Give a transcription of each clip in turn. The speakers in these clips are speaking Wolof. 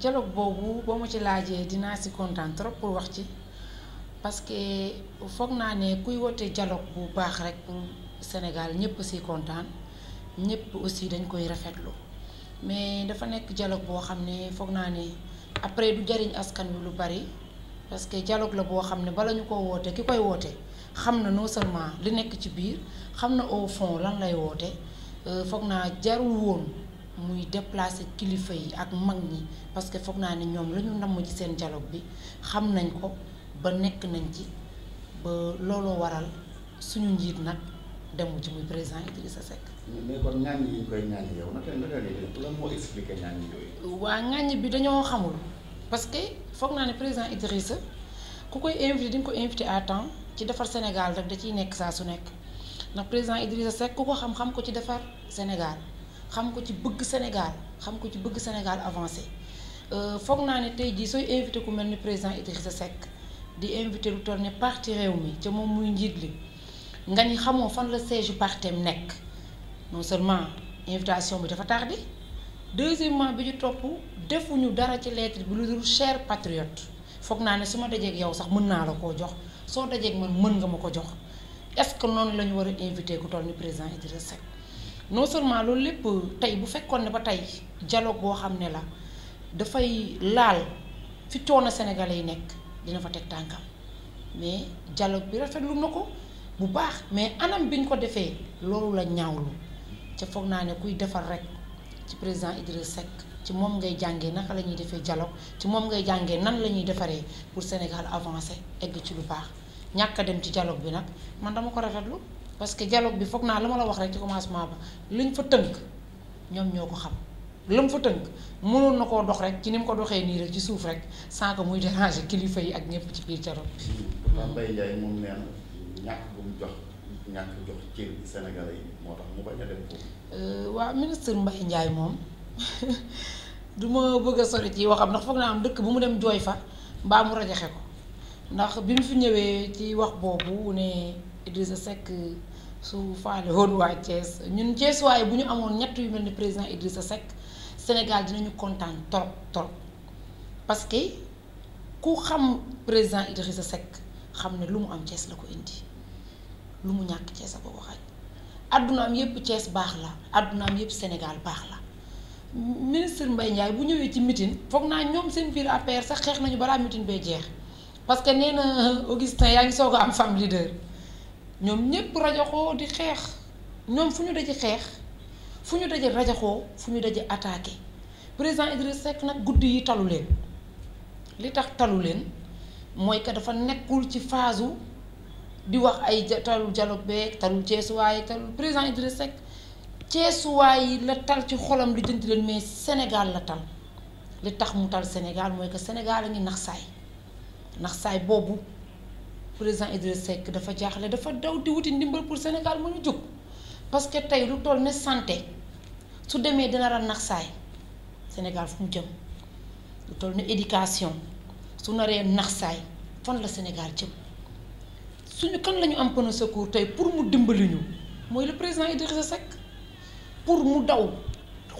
jaloog boobu boo ma ci laajee dinaa si kontaan trop pour wax ci parce que foog naa ne kuy woote jaloog bu baax rek Sénégal ñëpp si kontaan ñëpp aussi dañ koy rafetlu mais dafa nekk dialogue boo xam ne foog naa ne après du jariñ askan wi lu bari parce que dialogue la boo xam ne bala ñu ko wootee ki koy woote xam na noo seulement li nekk ci biir xam na au fonds lan lay woote euh, foog naa jarul woon. muy déplacer kilifa yi ak mag ñi parce que foog naa ne ñoom la ñu ci seen dialogue bi xam nañ ko ba nekk nañ ci ba looloo waral suñu njiit nag demul ci muy président Idrissa Seck. mais kon ñaan ñu koy yow naka naka moo expliqué ñaan yooyu. waa ñaan bi dañoo xamul parce que foog naa ne président Idrissa ku koy invité dañ ko invité à temps ci defar Sénégal rek da ciy nekk saa su nekk ndax président Idrissa Seck ku ko xam-xam ko ci defar Sénégal. xam ko ci bëgg Sénégal xam ko ci bëgg Sénégal avancé euh, foog naa ne tey jii sooy invité ku mel ni président Idrissa Seck di invité lu toll ne parti réew mi ca moom muy njiit li nga ni xamoo fan la siège partem nekk non seulement invitation bi dafa tardé deuxièmement bi ñu topp defuñu dara ci lettre bi lu dul cher patriote foog naa ne su ma dajeeg yow sax mën naa la koo jox soo dajeeg man mën nga ma ko jox est-ce noonu la ñu war a invité ku toll ni président Idrissa Seck non seulement loolu lépp tey bu fekkoon ne ba tey dialogue boo xam ne la dafay laal fi coono sénégalais yi nekk dina fa teg tànkam mais dialogue bi rafetlu na ko bu baax mais anam biñ ko defee loolu la ñaawlu ca foog naa ne kuy defar rek ci président Idrissa Seck ci moom ngay jàngee naka la ñuy defee dialogue ci moom ngay jàngee nan la ñuy defaree pour Sénégal avancé egg ci lu baax ñàkk dem ci dialogue bi nag man dama ko rafetlu parce que dialogue bi foog naa la ma la wax rek ci commencement ba liñ fa tënk ñoom ñoo ko xam la mu fa tënk mënoon na koo dox rek ci ni ko doxee nii rek ci suuf rek sans que muy déranger kilifa yi ak ñëpp ci biir dialogue bi. Pape euh, ministre Mbaye Ndiaye moom du ma bëgg a sori ci waxam ndax foog naa am dëkk bu mu dem jooy fa mbaa mu rajaxe ko ndax bi mu fi ñëwee ci wax boobu ne Idrissa Seck. su faale woon waa cees ñun Thiès waaye bu ñu amoon ñett yu mel ni président Idrissa Seck Sénégal dinañu kontaan trop trop parce que ku xam président sa Seck xam ne lu mu am cees la ko indi lu mu ñàkk Thiès a ko waxaat adduna am yëpp Thiès baax la adduna am yëpp Sénégal baax la ministre mbay Ndiaye bu ñëwee ci mitin foog naa ñoom seen biir APR sax xeex nañu balaa meeting bay jeex parce que nee na Augustin yaa ngi soo a am femme leader. ñoom ñépp rajaxoo di xeex ñoom fu ñu daje xeex fu ñu daje rajaxoo fu ñu daje attaqué président Idriss Seck nag guddi yi talu leen li tax talu leen mooy que dafa nekkul ci phase di wax ay talul dialogue beeg talul ceesuwaay talul président Idriss Seck ceesuwaay yi la tal ci xolam li jënti leen mais Sénégal la tal li tax mu tal Sénégal mooy que Sénégal a ngi nax saay nax saay boobu président Idrissa Seck dafa jaaxle dafa daw di wuti ndimbal pour Sénégal mën a jóg parce que tey lu toll ne sante su demee dina ran nax saay Sénégal fu mu jëm lu toll ne éducation su naree nax saay fan la Sénégal jëm suñu kan lañu am am pneu secours tey pour mu dimbali ñu mooy le président Idrissa Seck pour mu daw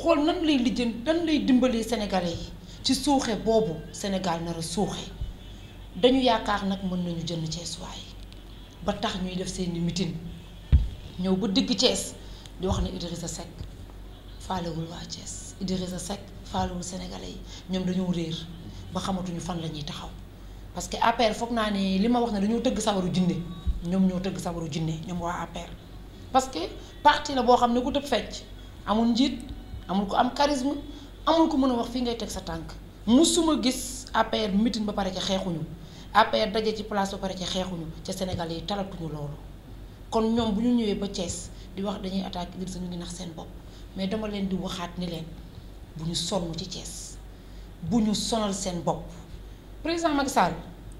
xool nan lay lijjën nan lay dimbalee Sénégalais yi ci suuxee boobu Sénégal nara a suuxe dañu yaakaar nag mën nañu jënd Cees waay ba tax ñuy def seeni mitin ñëw ba digg Cees di wax ne Idrissa Seck faalewul waa Cees Idrissa Seck faalewul sénégalais yi ñoom dañoo réer ba xamatuñu fan la ñuy taxaw parce que APR foog naa ne li ma wax ne dañoo tëgg sabaru jinne ñoom ñoo tëgg sabaru jinne ñoom waa APR parce que parti la boo xam ne ku tëb fecc amul njiit amul ko am charisme amul ko mën a wax fii ngay teg sa tànk mu su ma gis APR mitin ba pare xeexuñu APR daje ci place ba pare ci xeexuñu ca Sénégal yi talatuñu loolu kon ñoom bu ñu ñëwee ba Thiès di wax dañuy attaque Idrissa ñu ngi nax seen bopp mais dama leen di waxaat ni leen bu ñu sonn ci Thiès bu ñu sonal seen bopp président Macky Sall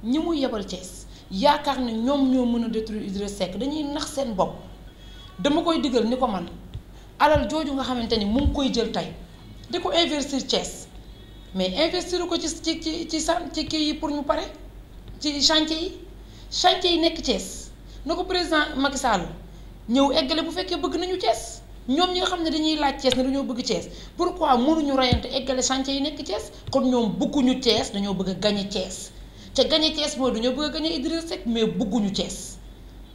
ñi mu yebal Thiès yaakaar ne ñoom ñoo mën a détruire Idrissa Seck dañuy nax seen bopp dama koy digal ni ko man alal jooju nga xamante ni mun ngi koy jël tey di ko investir Thiès mais investir ko ci ci ci ci ci kii yi pour ñu pare ci chantier yi chantier yi nekk Thiès na ko président Macky Sall ñëw eggale bu fekkee bëgg nañu cees ñoom ñi xam ne dañuy laaj Thiès ne dañoo bëgg cees Thiès pourquoi mënuñu reyante eggale chantier yi nekk cees kon ñoom bëgguñu Thiès dañoo bëgg a gañe Thiès te gañe Thiès mooy dañoo bëgg a gañe Idrissa Seck mais bëgguñu cees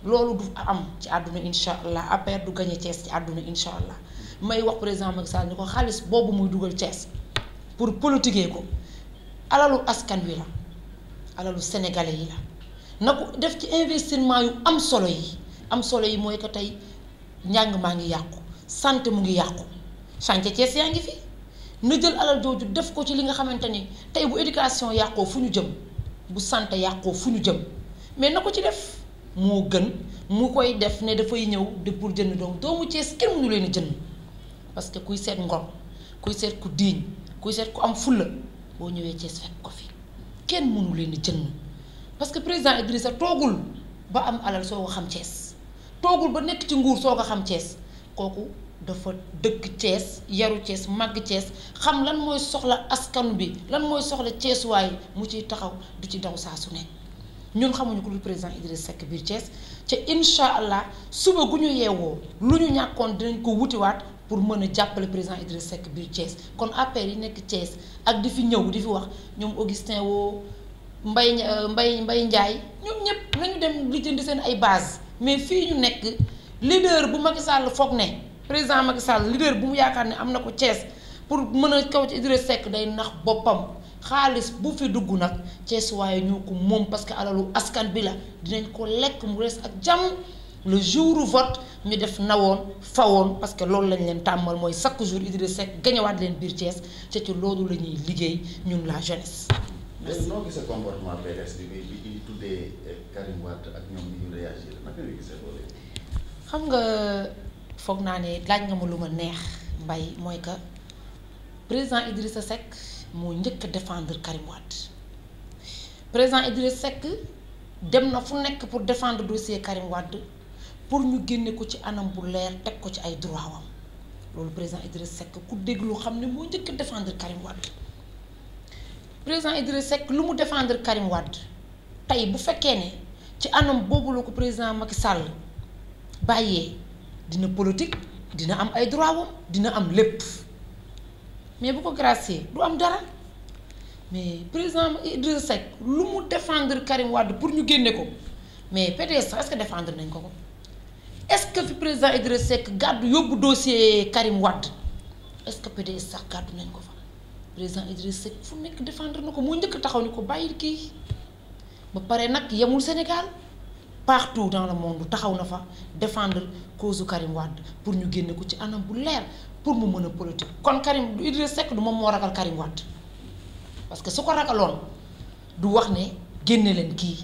loolu du am ci àdduna incha allah APR du gañe cees ci àdduna incha allah may wax président Macky Sall ni ko xaalis boobu muy dugal Thiès pour politiquer ko alalu askan wi la. alalu sénégalais yi la na ko def ci investissement yu am solo yi am solo yi mooy que tey njàng maa ngi yàqu santé mu ngi yàqu chantier cees yaa ngi fi na jël alal jooju def ko ci li nga xamante ni tey bu éducation yàqoo fu ñu jëm bu santé yàqoo fu ñu jëm mais na ko ci def moo gën mu koy def ne dafay ñëw de pour jënd doom doomu Thiès kenn mënu leen jënd parce que kuy seet ngor kuy seet ku diiñ kuy seet ku am fulla boo ñëwee Thiès fekk ko fi kenn mënu leen di jënd parce que président Idrissa toogul ba am alal soo ko xam cees toogul ba nekk ci nguur soo ko xam cees kooku dafa dëkk Thiès yaru Thiès màgg Thiès xam lan mooy soxla askan bi lan mooy soxla Thiès waay mu ciy taxaw du ci daw saa su ne ñun xamuñu ko lu président Idrissa Seck biir Thiès te incha allah suba gu ñu yeewoo lu ñu ñàkkoon dinañ ko wutiwaat pour mën a jàppale président Idriss Seck biir Thiès kon APR yi nekk Thiès ak di fi ñëw di fi wax ñoom Augustin woo Mbay euh, Mbay Mbay Ndiaye ñoom ñëpp nañu dem lijjanti seen ay base mais fii ñu nekk leader bu Macky Sall foog ne président Macky Sall leader bu mu yaakaar ne am na ko Thiès pour mën a kaw ci Idriss Seck day nax boppam xaalis bu fi dugg nag Thiès waaye ñoo ko moom parce que alalu askan bi la dinañ ko lekk mu rees ak jàmm le jour u vote ñu def nawoon fawoon parce que loolu lañ leen tàmmal mooy chaque jour Idriss Seck gañawaat leen biir Thiès ca ci loolu la ñuy liggéey ñun la jeunesse. merci eh, xam nga foog naa ne laaj nga ma lu ma neex mbay mooy que président sa Seck moo njëkk a défendre Karim Wade président Idrissa Seck dem na fu nekk pour defendre dossier Karim Wade pour ñu génne ko ci anam bu leer teg ko ci ay droit wam loolu président Idriss Seck ku déglu xam ne moo njëkk défendre Karim Wade président Idriss Seck lu mu défendre Karim Wade tey bu fekkee ne ci anam boobu la ko président Macky Sall bàyyee dina politique dina am ay droit dina am lépp mais bu ko gracier du am dara mais président Idriss Seck lu mu défendre Karim Wade pour ñu génne ko mais PDS sax que défendre nañ ko ko. est-ce que fi président Idrissa sekk gàddu yóbbu dossier Karim Wade est-ce que PDS sax gàddu nañ ko fa président Idrissa Seck fu nekk défendre na ko moo njëkk taxaw ni ko bàyyil kii ba pare nag yemul Sénégal partout dans le monde taxaw na fa défendre cause Karim Wade pour ñu génne ko ci anam bu leer pour mu mën a politique kon Karim Idrissa Seck du moom moo ragal Karim Wade parce que su ko ragaloon du wax ne génne leen kii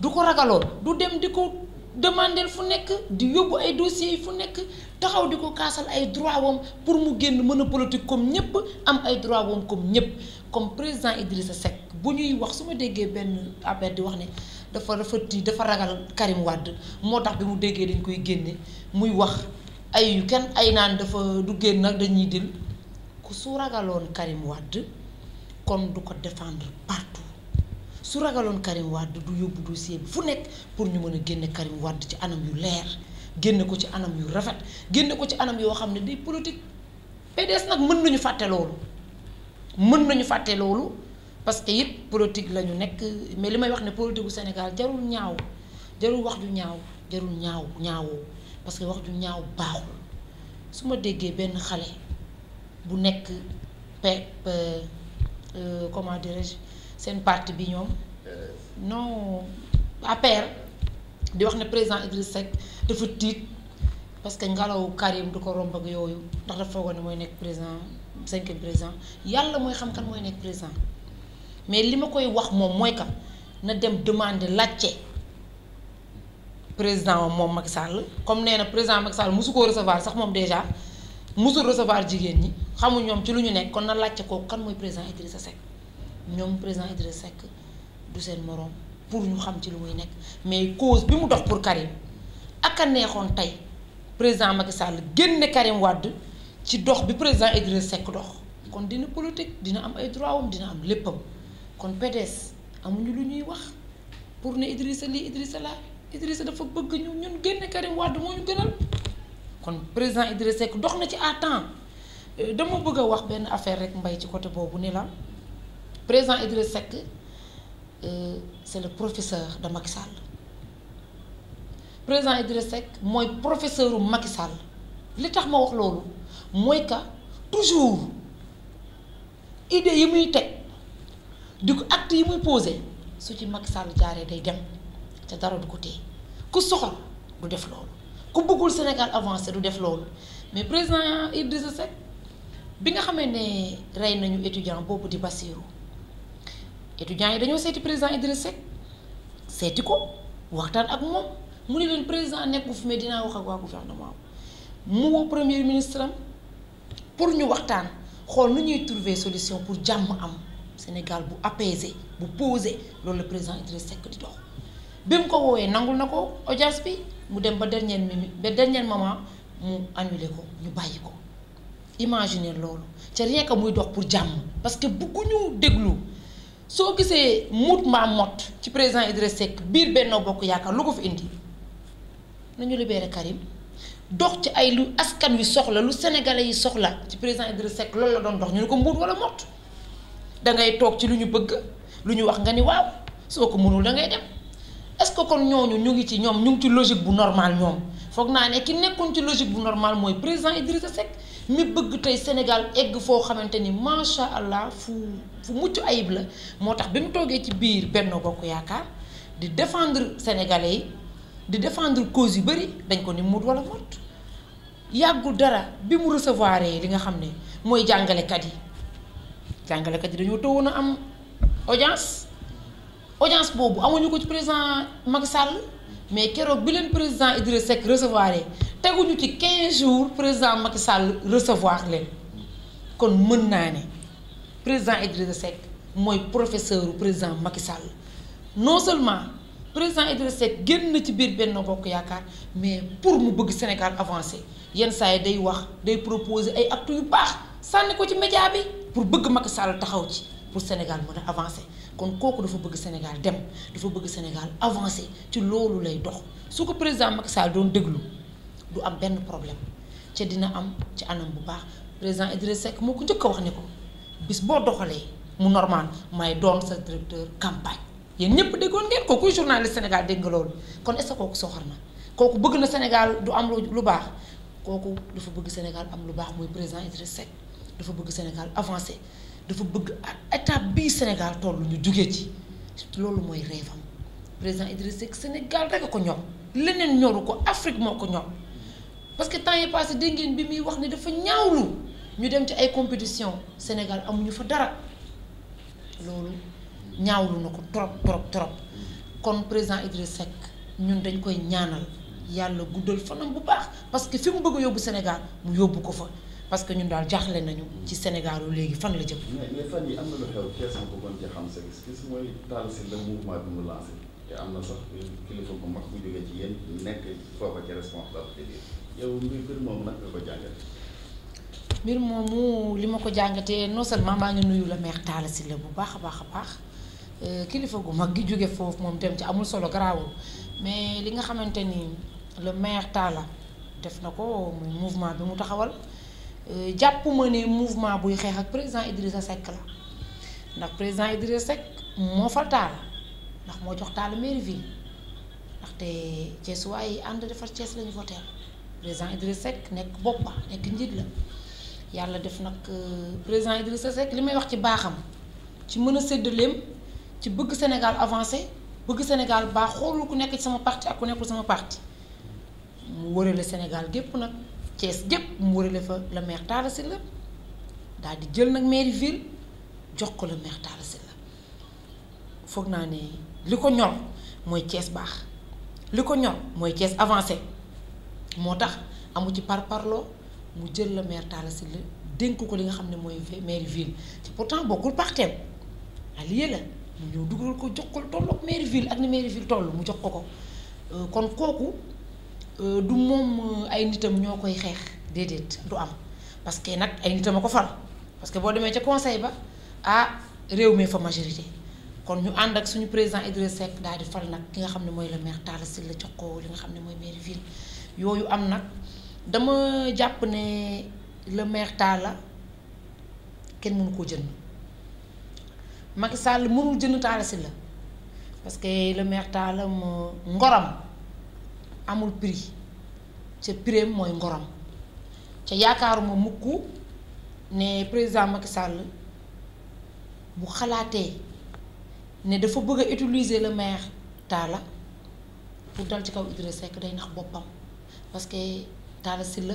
du ko ragaloon du dem di ko. demandeel fu nekk di yóbbu ay dossiers yi fu nekk taxaw di ko kaasal ay droit wam pour mu génn mën a politique comme ñëpp am ay droit wam comme ñëpp comme président Idrissa Seck bu ñuy wax su ma déggee benn affaire di wax ne dafa dafa tii dafa ragal Karim Wade moo tax bi mu déggee dañ koy génne muy wax ay yu kenn ay naan dafa du génn nag dañuy dil ku su ragaloon Karim Wade kon du ko défendre partout su ragaloon Karim Wade du yóbbu dossier bi fu nekk pour ñu mën a génne Karim Wade ci anam yu leer génne ko ci anam yu rafet génn ko ci anam yoo xam ne day politique PDS nag mën nañu fàtte loolu mën nañu fàtte loolu parce que it politique la ñu nekk mais li may wax ne politique bu Sénégal jarul ñaaw jarul wax ju ñaaw jarul ñaaw ñaawoo parce que wax ju ñaaw baaxul su ma déggee benn xale bu nekk pe euh, comment dirais-je seen parti bi ñoom non APR di wax ne président Idriss Seck dafa tiit parce que ngelaw Karim du ko romb ak yooyu ndax dafa foogoon ne mooy nekk président cinquième président yàlla mooy xam kan mooy nekk président mais li ma koy wax moom mooy ka na dem demander laajte président moom Macky Sall comme nee na président Macky Sall musu koo recevoir sax moom déjà mosul recevoir jigéen ñi xamul ñoom ci lu ñu nekk kon na laajte kooku kan mooy président Idrissa Seck ñoom président Idrissa Seck du seen moroom pour ñu xam ci lu muy nekk mais cause bi mu dox pour Karim ak a neexoon tey président Macky Sall génne Karim wàdd ci dox bi président Idrissa Seck dox kon dina politique dina am ay droit wam dina am léppam kon PDS amuñu lu ñuy wax pour ne Idrissa lii Idrissa laa Idrissa dafa bëgg ñu ñun génne Karim Wade moo ñu gënal kon président Idrissa Seck dox na ci à temps euh, dama bëgg a wax benn affaire rek mbay ci côté boobu ni la président Idriss Seck euh, c'est le professeur de Macky Sall président Idriss Seck mooy professeur u Macky Sall li tax ma wax loolu mooy que toujours idée yi muy teg di ko acte yi muy posé su ci Macky Sall jaaree day dem te dara du ko téye ku soxal du def loolu ku bëggul Sénégal avancé du def loolu mais président Idrissa sec bi nga xamee ne rey nañu étudiant boobu di Bassirou étudiants yi dañoo seeti président Idrissa Seck seeti ko waxtaan ak moom mu ne leen président nekku fi mais dinaa wax ak waa gouvernement mu woo premier ministre am pour ñu waxtaan xool nu ñuy trouver solution pour jàmm am Sénégal bu apaisé bu posé loolu la président Idrissa Seck di dox bi mu ko woowee nangul na ko audience bi mu dem ba dernière minute ba dernier moment mu annulé ko ñu bàyyi ko imaginer loolu ca rien muy dox pour jàmm parce que bëgguñu déglu soo gisee muut maa mott ci président Idriss Seck biir Benno Bokk Yaakaar lu ko fi indi nañu libéré Karim dox ci ay lu askan wi soxla lu sénégale yi soxla ci président Idriss Seck loolu la doon dox ñu ne ko mbuut wala mot da ngay toog ci lu ñu bëgg lu ñu wax nga ni waaw soo ko mënul da ngay dem est que kon ñooñu ñu ngi ci ñoom ñu ngi ci logique bu normal ñoom foog naa ne ki nekkoon ci logique bu normal mooy président Idriss Seck mi bëgg tey Sénégal egg foo xamante ni macha allah fu. fu mucc ayib la moo tax bi mu toogee ci biir Benno Bokk Yaakaar di défendre sénégalais yi di défendre cause yu bëri dañ ko ni mut wala mot yàggul dara bi mu recevoir li nga xam ne mooy jàngalekat yi jàngalekat yi dañoo tëwoon a am audience audience boobu amuñu ko ci président Macky Sall mais keroog bi leen président Idrissa Seck recevoir teguñu ci 15 jours président Macky Sall recevoir leen kon mën naa ne. président Idrissa Seck mooy professeur président Macky Sall non seulement président Idrissa Seck génn na ci biir benn Bokk Yaakaar mais pour mu bëgg Sénégal avancer yenn saa yi day wax day proposé ay actes yu baax sànni ko ci média bi pour bëgg Macky Sall taxaw ci pour Sénégal mën a avancer kon kooku dafa bëgg Sénégal dem dafa bëgg Sénégal avancé ci loolu lay dox su ko président Macky Sall doon déglu du am benn problème ca dina am ci anam bu baax président Idrissa Seck moo ko wax ne ko. bis boo doxalee mu normal may doon sa directeur campagne yéen ñëpp déggoon ngeen ko kuy journaliste Sénégal dégg nga loolu kon est-ce que kooku na kooku bëgg na Sénégal du am lu baax kooku dafa bëgg Sénégal am lu baax muy président Idriss dafa bëgg Sénégal avancé dafa bëgg étape bii Sénégal tollu ñu jugee ci loolu mooy rêvam président Idriss Seck Sénégal rek a ko ñoom leneen ñoru ko Afrique moo ko ñor parce que temps yi passé dégg bi muy wax ne dafa ñaawlu. ñu dem ci ay compétition Sénégal amuñu fa dara loolu ñaawlu na ko trop trop trop kon président Idriss Seck ñun dañ koy ñaanal yàlla guddal fanam bu baax parce que fi mu bëgg yóbbu Sénégal mu yóbbu ko fa parce que ñun daal jaaxle nañu ci Sénégal léegi fan la jëm. fan yi am na lu xew ma bëggoon sa gis-gis mooy taal si le mouvement bi mu lancé am na sax kilifa bu mag bu jógee ci yéen nekk foofa ci responsabilité bi yow mbir moom nag nga ko jàngale. mbir moomu li ma ko jàngatee non seulement maa ngi nuyu la maire Talla Sylla bu baax a baax a baax euh, kilifa gu mag gi jóge foofu moom dem ci amul solo garaawul mais li nga xamante ni le maire Talla def na ko muy mouvement bi mu taxawal euh, jàpp ma ne mouvement buy xeex ak président Idrissa Seck la ndax président Idrissa Seck moo fal Talla ndax moo jox Talla mairie ville ndaxte Thiès waaye ànd defar Thiès la ñu voté président Idrissa Seck nekk bopp ba nekk njiit yàlla def nag euh, président Idrissa Seck li may wax ci baaxam ci mën a séddaleem ci bëgg Sénégal avancé bëgg Sénégal baax xoolul ku nekk ci sama parti ak ku nekkul sama parti mu wërale Sénégal gépp nag cees gépp mu wërale fa le maire Talla la daal di jël nag mairie ville jox ko le maire Talla Sylla foog naa ne li ko ñor mooy Thiès baax li ko ñor mooy Thiès avancé moo tax amu ci parparloo mu jël la maire Talla Sylla dénk ko li nga xam ne mooy maire ville te pourtant bokkul parteem allié la mu ñëw dugal ko jox ko toll ak maire ville ak ni maire ville toll mu jox ko ko euh, kon kooku euh, du moom euh, ay nitam ñoo koy xeex déedéet du am parce que nag ay nitam a ko fal parce que boo demee ca conseil ba ah réew mi fa majorité kon ñu ànd ak suñu président Idriss sec daal di fal nag ki nga xam ne mooy le maire Talla Sylla jox koo li nga xam ne mooy maire ville yooyu am nag. dama jàpp ne le maire Talla kenn mënu koo jënd Macky Sall mënul jënd Talla la parce que le maire Talla mo ngoram amul prix ca prix mooy ngoram ca yaakaaruma mukk ne président Macky Sall bu xalaatee ne dafa bëgg a utiliser le maire Talla pour dal ci kaw Idrissa Seck day nax boppam parce a Sylla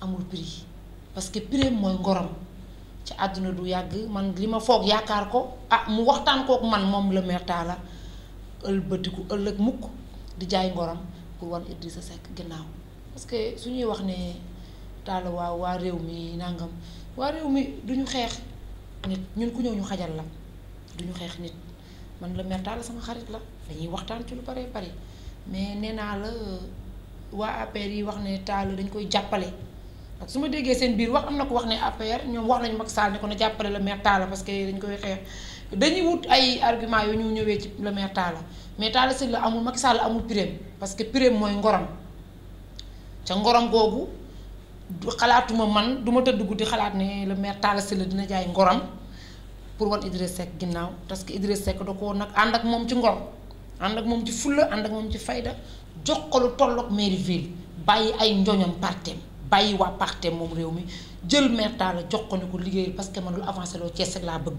amul prix parce que prix mooy ngorom ci àdduna du yàgg man li ma foog yaakaar ko ah mu waxtaan kook man moom le maire Talla ëlbatiku ëllëg mukk di jaay ngorom pour wan Idrissa Seck ginnaaw parce que su ñuy wax ne Talla waaw waa réew mi nangam waa réew mi ñu xeex nit ñun ku ñëw ñu xajal la duñu xeex nit man le maire Talla sama xarit la dañuy waxtaan ci lu bare bari mais nee la waa APR yi wax ne Talla dañ koy jàppale ndax su ma déggee seen biir wax am na ko wax ne APR ñoom wax nañu Macky Sall ne ko na jàppale le maire Talla parce dañ koy xeex dañuy wut ay argument yoo ñu ñëwee ci le maire Talla mais Talla Sylla la amul Macky Sall amul prime parce que prime mooy ngorom ca ngorom googu xalaatuma man du ma tëdd guddi xalaat ne le maire Talla Sylla la dina jaay ngorom pour wan Idriss Seck ginnaaw parce que Idriss Seck da ko nag ànd ak moom ci ngor ànd ak moom ci fulla ànd ak moom ci fayda jox ko lu tolloog mairie ville bàyyi ay njoñam partem bàyyi waa partem moom réew mi jël maire Talla jox ko ne ko liggéeyal parce que man lu avancé loo Thiès rek laa bëgg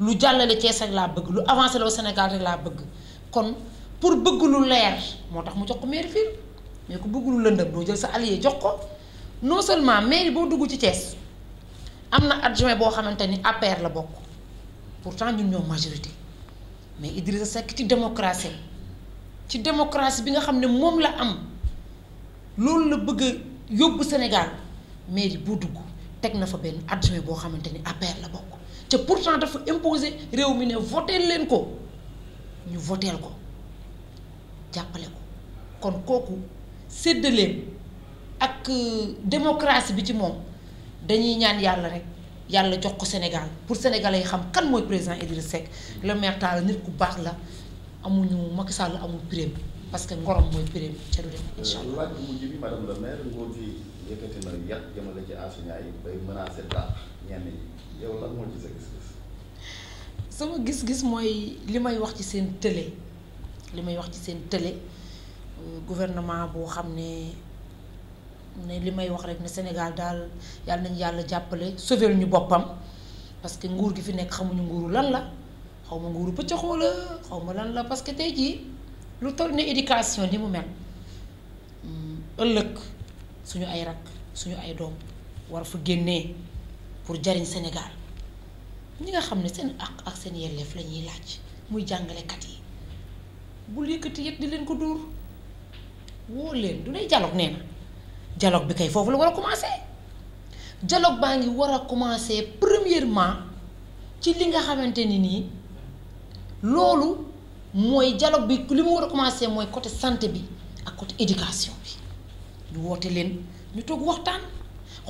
lu jàllale Thiès rek laa bëgg lu avancé loo Sénégal laa bëgg kon pour bëgg lu leer moo tax mu jox ko mairie ville mais ku bëgg lu lëndëm doo jël sa allié jox ko non seulement mairie boo dugg ci cees am na adjoint boo xamante ni APR la bokk pourtant ñun ñoo majorité mais Idrissa Seck ci démocratie ci démocratie bi nga xam ne moom la am loolu la bëgg a yóbbu Sénégal mais boo dugg teg na fa benn adjoint boo xamante ni APR la bokk te pourtant dafa imposer réew mi ne voté leen ko ñu voté ko jàppale ko kon kooku séddaleem ak euh, démocratie bi ci moom dañuy ñaan yàlla rek. yàlla jox ko Sénégal pour sénégalais yi xam kan mooy président Idrissa Seck le maire Talla nit ku baax la amuñu Macky Sall amul prime parce que ngorom mooy prime ca du dem incha euh, sama gis-gis mooy li may wax ci seen télé li may wax ci seen télé euh, gouvernement boo xam ne. ne li may wax rek ne Sénégal daal yàlla nañ yàlla jàppale sauver ñu boppam parce que nguur gi fi nekk xamuñu nguuru lan la xaw ma nguuru pëccëxoo la xaw ma lan la parce que tey jii lu toll ne éducation ni mu mel hmm, ëllëg suñu ay rak suñu ay doom war fa génnee pour jariñ Sénégal ñi nga xam ne seen ak ak seen yelleef la ñuy muy jàngalekat yi bul yëkkati yëpp di leen ko dóor woo leen du lay jàlloog nee na dialogue bi kay foofu la war a commencé dialogue baa ngi war a commencé premièrement ci li nga xamante ni nii loolu mooy dialogue bi li mu war a commencé mooy côté santé bi ak côté éducation bi ñu woote leen ñu toog waxtaan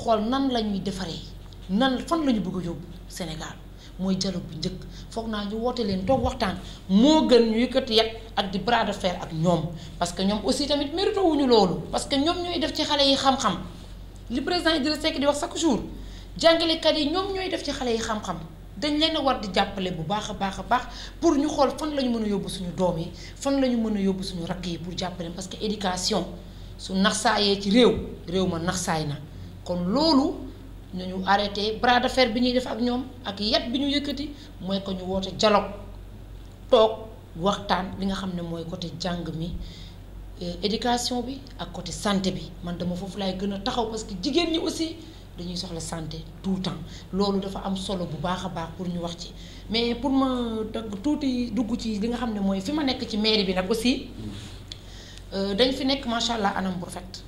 xool nan la ñuy defaree nan fan la ñu bëgg a yóbbu Sénégal. mooy dialogue bu njëkk foog naa ñu wootee leen toog waxtaan moo gën ñuy yëkkati yet ak di bras de ak ñoom parce que ñoom aussi tamit mérito wuñu loolu parce que ñoom ñooy def ci xale yi xam-xam li président Idrissa Seck di wax chaque jour jàngalekat yi ñoom ñooy def ci xale yi xam dañ leen a war di jàppale bu baax a baax a baax pour ñu xool fan la ñu mën a yóbbu suñu doom yi fan la ñu mën a yóbbu suñu rakk yi pour jàppale parce que éducation su naxsaayee ci réew réew ma naxsaay na kon loolu nañu arrêté bras de bi ñuy def ak ñoom ak yat bi ñu yëkkati mooy ko ñu woote dialogue toog waxtaan li nga xam ne mooy côté jàng mi euh, éducation bi ak côté santé bi man dama foofu laay gën a taxaw parce jigéen ñi aussi dañuy soxla santé tout le temps loolu dafa am solo bu baax a baax pour ñu wax ci mais pour ma dagg tuuti dugg ci li nga xam ne mooy fi ma nekk ci mairie bi nag aussi euh, dañ fi nekk macha allah anam bu rafet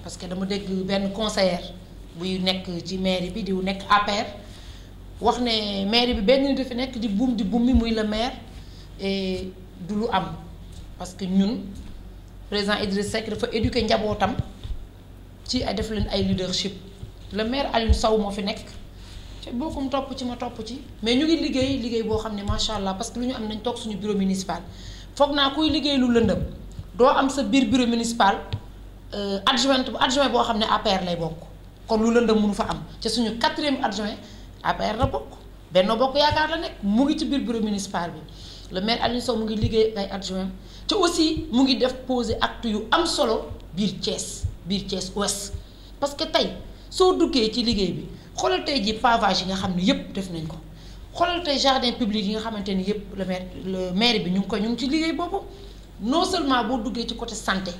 parce que dama dégg benn conseillère. buy nekk ci mairie bi di nekk APR wax ne mairie bi benn nit dafa nekk di buum di buum mi muy la maire et du lu am parce que ñun président Idriss Seck dafa éduquer njabootam ci ay def leen ay leadership le maire Alioune saw moo fi nekk te bokkum topp ci ma topp ci mais ñu ngi liggéey liggéey boo xam ne macha allah parce que lu ñu am nañ toog suñu bureau municipal foog naa kuy liggéey lu lëndëm doo am sa biir bureau municipal euh, adjoint adjoint boo xam ne APR lay bokk kon lu lëndëm mënu fa am ca suñu quatrième adjoint APR la bokk Benno Bokk Yaakaar la nekk mu ngi ci biir bureau municipal bi le maire Aliou Sow mu ngi liggéey ay adjoint te aussi mu ngi def poser acte yu am solo biir Thiès biir Thiès ouest parce que tey soo duggee ci liggéey bi xoolal tey ji pavage yi nga xam ne yëpp def nañ ko xoolal tey jardin public yi nga xamante ni yëpp le maire le maire bi ñu ngi ko ñu ngi ci liggéey boobu non seulement boo duggee ci côté santé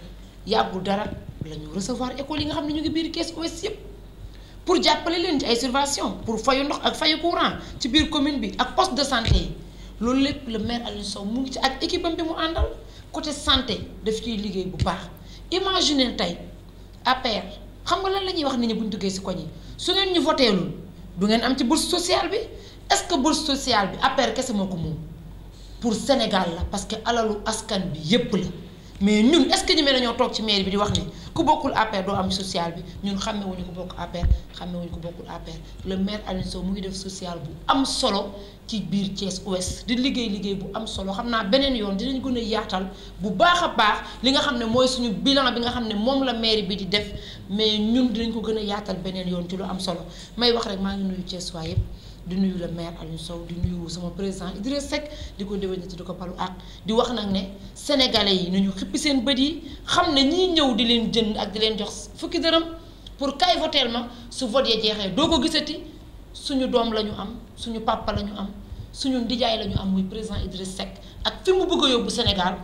yàggul dara la ñu recevoir école yi nga xam ne ñu ngi biir Thiès ouest yëpp pour jàppale leen ci ay subvention pour fayu ndox ak fayu courant ci biir commune bi ak poste de santé yi loolu lépp le maire Aliou Sow mu ngi ci ak équipe am bi mu àndal côté santé def ciy liggéey bu baax imagine tey APR xam nga lan la ñuy wax ni ñi bu duggee si koñ yi su ngeen ñu voteelul du ngeen am ci bourse sociale bi est-ce que bourse sociale bi APR kese moo ko moom pour Sénégal la parce que alalu askan bi yépp la mais ñun est-ce que ñu mel nañoo toog ci mairie bi di wax ni ku bokkul APR doo am social bi ñun xàmme wuñu ko bokk APR xàmme wuñu ko bokkul APR le maire Aliou Sow mu ngi def social bu am solo ci biir Thiès Ouest di liggéey liggéey bu am solo xam naa beneen yoon dinañ gën a yaatal bu baax a baax li nga xam ne mooy suñu bilan bi nga xam ne moom la maire bi di def mais ñun dinañ ko gën a yaatal beneen yoon ci lu am solo may wax rek maa ngi nuyu Thiès waa yëpp di nuyu le maire Aliou Sow di nuyu sama président Idriss Seck di ko déwénati di ko palu ak di wax nag ne sénégalais yi ñu xippi seen bët yi xam ne ñi ñëw di leen jënd ak di leen jox fukki dërëm pour kay voteel ma su vote ya jeexee doo ko gisati suñu doom la ñu am suñu papa lañu am suñu ndijaay la ñu am muy président Idriss Seck ak fi mu bëgg a yóbbu Sénégal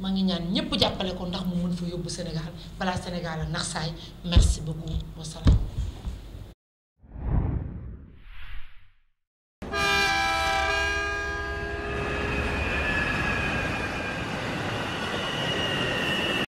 maa ngi ñaan ñëpp jàppale ko ndax mu mën fa yóbbu Sénégal balaa Sénégal a nax saay merci beaucoup wasalaam